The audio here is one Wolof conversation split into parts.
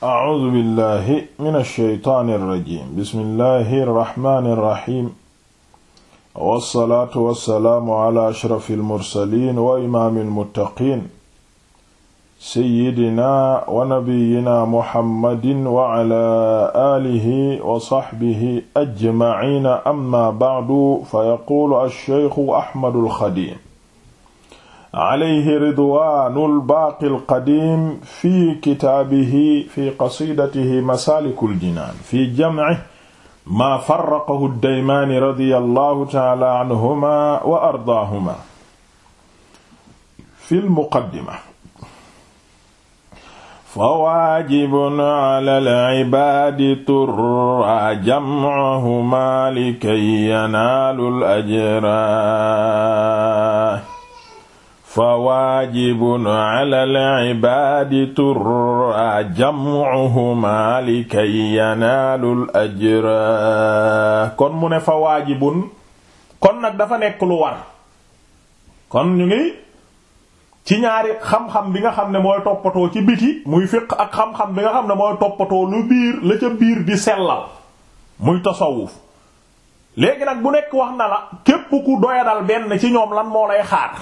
acuudu billahi min alsheytaani alrajim bismillahi arrahmani irrahim wassalaatu wassalaamu ala ashrafi almursalin wa imaami almuttaqin seyidina wa nabiyina muhammadin wa ala aalihi wa saxbihi ajmaciina amma bacdu fa yaquulu alsheykhu ahmadu alxadim alayhi ridwaanul baaqil qadiim fi kitaabihi fi qasiidatihi masaalikul jinaan fi jamcihi maa farraqahu daymaani radiyallahu ta'aala anhumaa wa ardaahumaa fil muqaddima. fawaajibun alal cibaadi turraa jamcuhumaa likay yanaalul ajraa fa waajibun ala al-ibaadi turra jam'uhumaa likay yanaalul kon mu ne fa waajibun kon nag dafa nekk lu war kon ñu ngi ci ñaari xam-xam bi nga xam ne mooy toppatoo ci biti muy fiq ak xam-xam bi nga xam ne mooy toppatoo lu biir la ca biir di sellal muy tasawuf léegi nag bu nekk wax na la képp ku doyadal benn ci ñoom lan moo lay xaar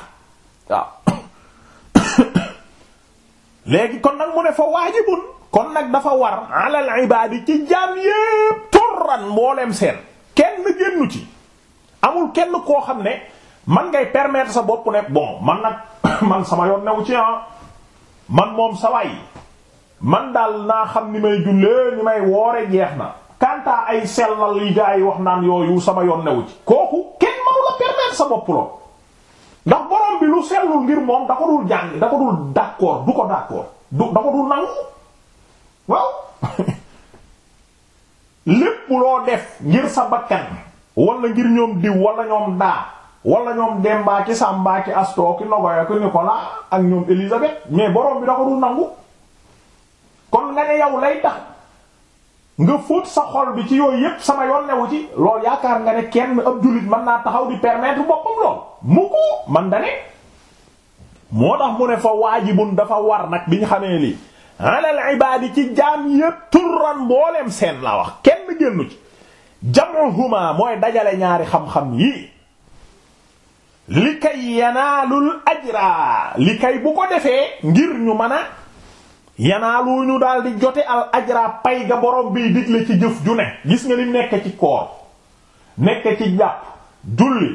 léegi kon nag mu ne fa waajibun kon nag dafa war alal ibaadi ci jaam yépp torran mboolem seen kenn génnu ci amul kenn koo xam ne man ngay permettre sa bopp ne bon man nag man sama yoon newu ci ah man moom sa waay man daal naa xam ni may jullee ni may woore jeex na kantaa ay sellal yi gaa yi wax naan yooyu sama yoon newu ci kooku kenn mënu la permettre sa bopp lool ndax borom bi lu sellul ngir moom da ko dul jàng da ko dul d'accord du ko d'accord du da ko dul nangu waaw lépp loo def ngir sa bakkan wala ngir ñoom diw wala ñoom daa wala ñoom Demba ki Samba ki Asto ki Nogoya ki Nicolas ak ñoom Elisabeth mais borom bi da ko dul nangu kon la ne yow lay tax. nga fóot sa xol bi ci yooyu yépp sama yoon newu ci lool yaakaar nga ne kenn ab jullit man naa taxaw di permettre boppam lool mu ko man dane moo tax mu ne fa waajibun dafa war nag bi ñu xamee lii alal ibaadi ci jaam yépp turran mboolem seen la wax kenn génnu ci jam'uhuma mooy dajale ñaari xam-xam yii li kay yanaalul ajra li kay bu ko defee ngir ñu mën a yanaalu ñu daal di jote al ajra pay ga borom biy digle ci jëf ju ne gis nga lim nekk ci koor nekk ci jàpp julli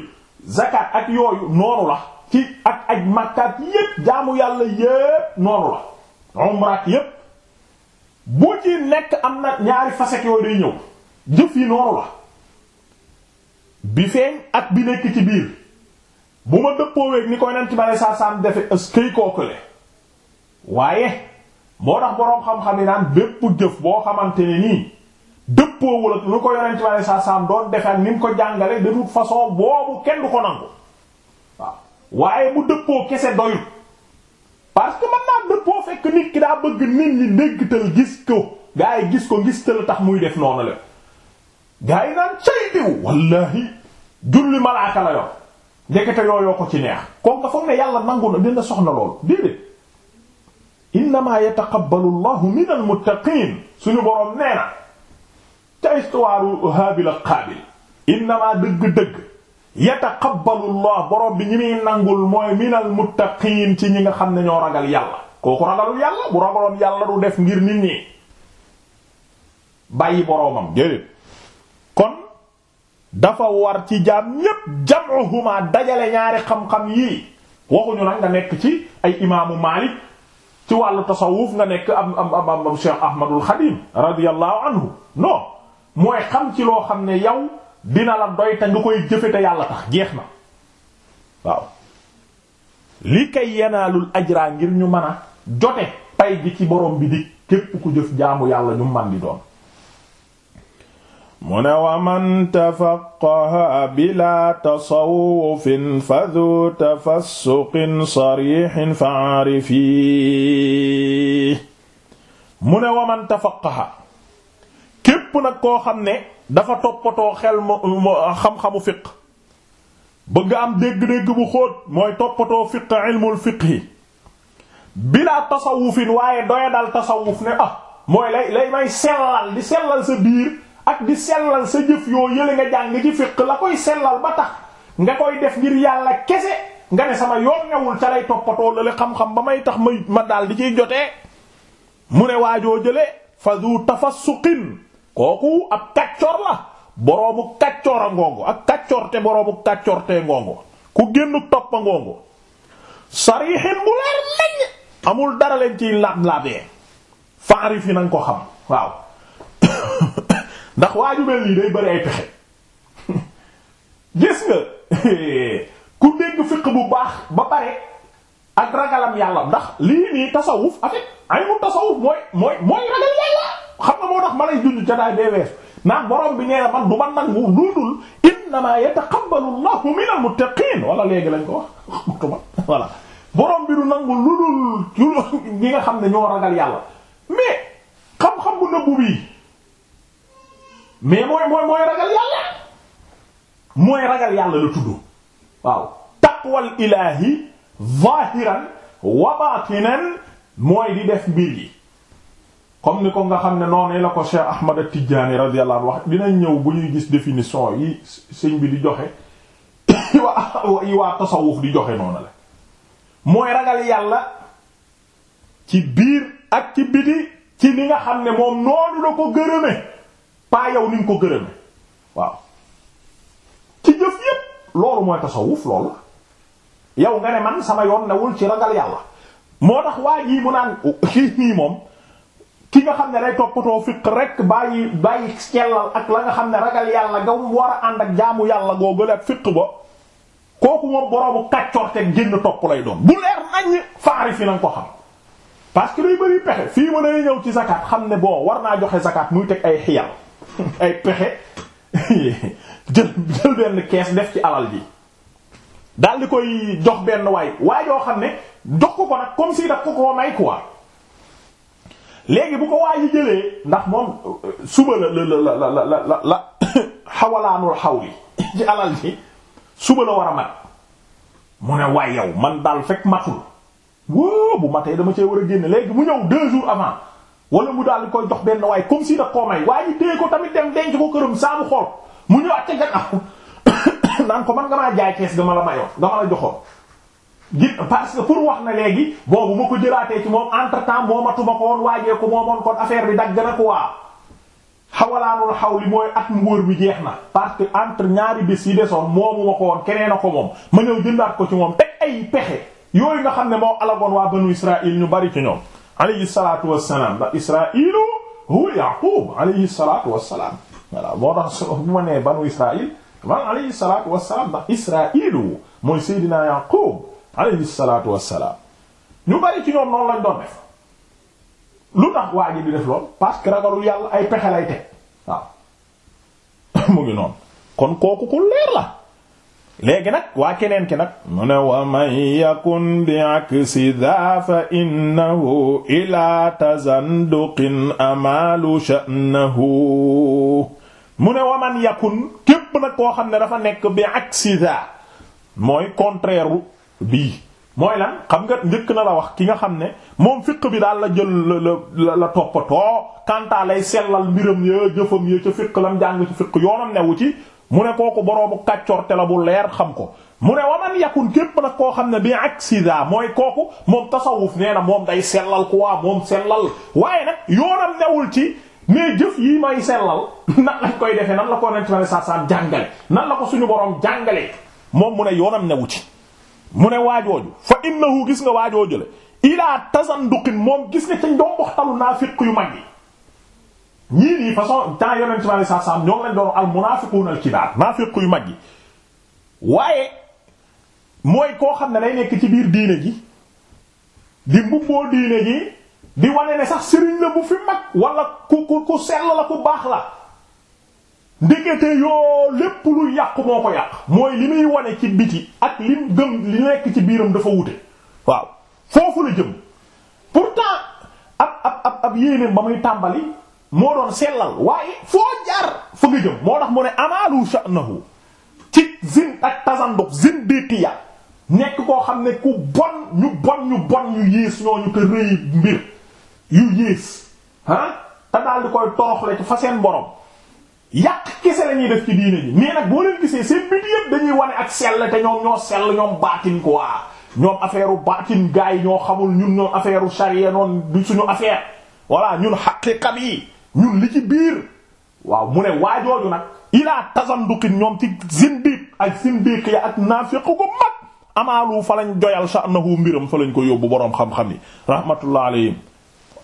zakat ak yooyu noonu la ci ak aj makkaat yépp jaamu yàlla yépp noonu la umraat yépp bu ñëw jëf yi noonu la bi feeñ ak bi nekk ci biir bu ma dëppooweeg ni koy nent ma ne saa saam defe ës këy kookule waaye moo tax boroom xam-xam yi naan bépp jëf boo xamante ne nii dëppoowul ak lu ko yonent bi alayhi salaam doon defal ni mu ko jàngale de toute façon boobu kenn du ko nangu waaw waaye mu dëppoo kese doyul parce que man naa dëppoo fekk nit ki daa bëgg nit ñi ndéggtal gis ko gaa yi gis ko ngis tax muy def noonu la gaa yi naan cay diw wallahi julli malaaka la yor ndekete yooyoo ko ci neex kon nga foog yàlla nangu na dina soxna loolu déedéet innamaa yataqabbalu Allahu minal muttaqiin suñu boroom nee na ca istuwaaru Haabil ak Qaabil innamaa dëgg-dëgg yataqabbalu boroom bi ñi muy nangul mooy minal muttaqiin ci ñi nga xam ne ñoo ragal yàlla kooku ragalul yàlla bu ragaloon yàlla du def ngir nit ñi bàyyi boroomam déedéet kon dafa war ci jaam ñépp jam'uhuma dajale ñaari xam-xam yii waxuñu nag nga nekk ci ay imaamu Maalik ci wàllu tasawuf nga nekk am am am am Ahmadul Xadim radiyallahu anhu non mooy xam ci loo xam ne yow dina la doy te nga koy jëfe yàlla tax jeex na waaw li kay yanaalul ajra ngir ñu mën a jote pay gi ci borom bi di képp ku jëf jaamu yàlla ñu man doon mu ne wa man tafaqqaha bila tasawwufin fa du tafassuqin sarihin fa'arifi mu ne wa man tafaqqaha képp nag koo xam ne dafa toppatoo xel xam-xamu fiq bëgg am dégg-dégg bu xóot mooy toppatoo fiq ilmul fiqhi bila tasawwufin waaye doya dal tasawuf ne ah mooy lay lay may sellal di sellal sa biir ak di sellal sa jëf yoo yële nga jàng ci fiq la koy sellal ba tax nga koy def ngir yàlla kese nga ne sama yoon ñawul ca lay toppatoo lale xam-xam ba may tax ma ma daal di ciy jotee mu ne waajoo jële fa du tafassuqin kooku ab kaccoor la boroomu kaccoor a ngongo ak kaccoorte boroomu kaccoortee ngongo ku génn topp a ngongo sarixin bu leer nañ amul dara leen ciy laab-laabee faari fi nañ ko xam waaw ndax waa ju mel nii day bëri ay pexe gis nga ku dégg fiq bu baax ba pare ak ragalam yàlla ndax lii nii tasawuf avec ay mu tasawuf mooy mooy mooy ragal yàlla xam nga moo tax ma lay junj ca daay bee weesu naan borom bi nee na man du man nag mu luudul innama yataqabbalu Allahu minal muttaqiin wala léegi lañ ko wax voilà borom bi du nangu ludul ñi nga xam ne ñoo ragal yàlla mais xam-xam bu nëbbu bi. mais mooy mooy mooy ragal yàlla mooy ragal yàlla la tudd waaw taqwal ilaahi zahiran wa baatinan mooy di def mbir yi comme ni ko nga xam ne noonu la ko Cheikh Ahmad at-Tijaani radiyallahu anhu wax ñëw bu ñuy gis définition yi sëñ bi di joxe yi waa tasawuf di joxe noonu la mooy ragal yàlla ci biir ak ci biti ci li nga xam ne moom noonu la ko gërëme pas yow ni ko gërëme waaw ci jëf yépp loolu mooy tasawuf loolu yow nga ne man sama yoon newul ci ragal yàlla moo tax waa jii mu naan kii nii moom ki nga xam ne day toppatoo fiq rek bàyyi bàyyi sellal ak la nga xam ne ragal yàlla nga war a ànd ak jaamu yàlla googu ak fiq ba kooku moom boroomu kàccoor te génn topp lay doon bu leer nañ faari fi na nga ko xam parce que day bëri pexe fii mën a ñëw ci zakat xam ne boo war naa joxe zakat muy teg ay xiyal ay pexe jël jël benn kees def ci alal ji dal di koy jox benn waay waay yoo xam ne jox ko ko nag comme si daf ko koo may quoi léegi bu ko waay yi jëlee ndax moom euh, suba la la la la la la la xawalaanul xaw li ci alal ji suba la war a mat mu ne waay yow man daal fekk matul wóo bu matee dama cee war a génn léegi mu ñëw deux jours avant. wala mu daal di koy jox benn waaye comme si da koo may waaye ñu téye ko tamit dem denc ko këram saabu xool mu ñëwaat ca gannaaw naan ko man nga maa jaay kees ga ma la mayoon nga ma la joxoon. parce que pour wax na léegi boobu mu ko jëlaatee ci moom entre temps moomatu ma ko woon waajee ko moomoon kon affaire bi dagg na ko waa xawalaanul xaw li mooy at mu bi jeex na parce que entre ñaari bés yi desoon moomu ma ko woon keneen a ko moom ma ñëw jëndaat ko ci moom teg ay pexe yooyu nga xam ne moo alagoon waa banu Israël ñu bari ci ñoom. alayhi salaatu wassalaam ndax israilu hu yaqub alayhi salaatu wassalaam voilà moo tax bu ma nee banu israil man alayhi salaatu wassalaam ndax israilu mooy seydina yaqub alayhi salaatu wassalaam ñu bari ci ñoom noonu lañ doon def lu tax waa ji di def lool parce que ragalul yàlla ay pexe lay teg waaw mu ngi noonu kon kooku ku leer la léegi nag waa keneen ki nag mu wa man yakun bi aksi daa fa innahu ilaa tazanduqin amalu sha'nahu mu wa man yakun képp nag koo xam ne dafa nekk bi aksi daa mooy contraire bii mooy lan xam nga njëkk na la wax ki nga xam ne moom fiq bi daal la jël la la la toppatoo kantaa lay sellal mbiram ya jëfam ya ca fiq lam jàng ci fiq yoonam newu ci mu ne kooku boroomu kàccoorte la bu leer xam ko mu ne waman yakun képp nag koo xam ne bi aksida mooy kooku moom tasawuf nee na moom day sellal quoi moom sellal waaye nag yoonam newul ci mais jëf yi may sellal nan lañ koy defee nan la ko nent ma sa sa jàngale nan la ko suñu borom jàngalee moom mu ne yoonam newu ci mu ne waajooju fa innahu gis nga waajooju le ilaa tasanduqin moom gis nga ca naa naafiq yu mag yi ñii yi façon temps yonent bi alayhi salaam ñoom lañ doon al munaafiquun al kibaar naafiq yu mag yi waaye mooy koo xam ne day nekk ci biir diine ji di mbubboo diine ji di wane ne sax sëriñ la bu fi mag wala ku ku ku sell la ku baax la ndekete yoo lépp lu yàqu moo ko yàq mooy li muy wane ci biti ak lim gëm li nekk ci biiram dafa wute waaw foofu la jëm pourtant ab ab ab ab ba muy tàmbali moo doon sellal waaye foo jaar fa nga jëm moo tax mu ne amaalu sha'nahu ci zin ak tazanduk zindiqiya nekk koo xam ne ku bon ñu bon ñu bon ñu yées ñooñu te rëy mbir yu yées ah te daal di koy toroxle ci fa seen borom yàq kese lañuy def ci diine yi mais nag boo leen gisee seen biti yëpp dañuy wane ak sell te ñoom ñoo sell ñoom baatin quoi ñoom affaire u baatin gars yi ñoo xamul ñun ñoom affaire u charia noonu suñu affaire voilà ñun xaqiqa bi ñun li ci biir waaw mu ne waajooju nag ilaa tasandukin ñoom ci zindiq ak zindiq ya ak naafiq gu mag amaalu fa lañ joyal sha'nahu mbiram fa lañ ko yóbbu boroom xam-xam yi rahmatullah alayhim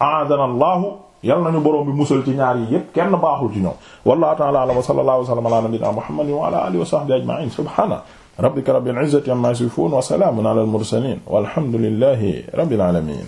aadana allahu yal nañu boroom bi musal ci ñaar yi yépp kenn baaxul ci ñoom wallahu ta'ala wa sallallahu wa sallama ala nabiyyina muhammadin wa ala alihi wa sahbihi ajma'in subhana rabbika rabbil izzati amma yasifun wa salamun ala al mursalin walhamdulillahi rabbil alamin